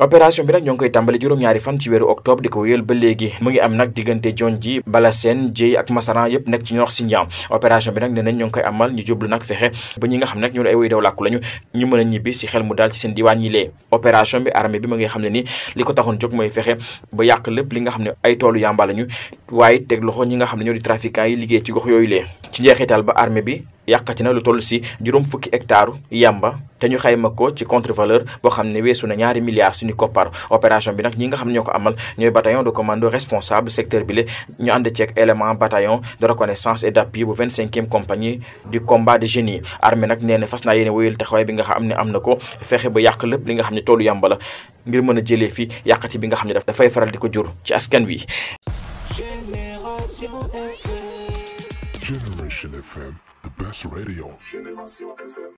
operation bi nak ñong koy tambali juroom ñaari fan ci wéru octobre diko ko ba légui mu ngi am nak digënté jon ji bala seen jéy ak masaran yépp nekk ci ñox si njaam bi nak dinañ ñong koy amal ñu jublu nak fexé ba ñi nga xam nak ñu ay woy daw lakku lañu ñu mëna ñibi ci xel mu dal ci seen diwan yi lé operation bi armée bi ma ngi xam ni liko taxon taxoon moy fexé ba yak lepp li nga xam ni ay tolu yamba lañu waye teg loxo ñi nga xam ni ñoo di yi liggé ci gox yooyu lé ci jéxital ba armée bi yakati na lu toll ci juróom fukki hectare yamba té ñu xayma ko ci contre valeur bo xamné ne na ñaari milliards suñu copar opération bi nak ñi nga xam ñoko amal ñoy bataillon de commando responsable secteur bi lé ñu ànd ceeg élément bataillon de reconnaissance et d'appui bu 25e compagnie du combat de génie armée nak néne na fas naa yéene wéyal taxawaay bi nga xamné amna ko fexé ba yak lépp li nga xamné tolu yamba la ngir mëna jëlé fi yakati bi nga xam da fay faral diko jur ci askan wi. Generation FM, the best radio.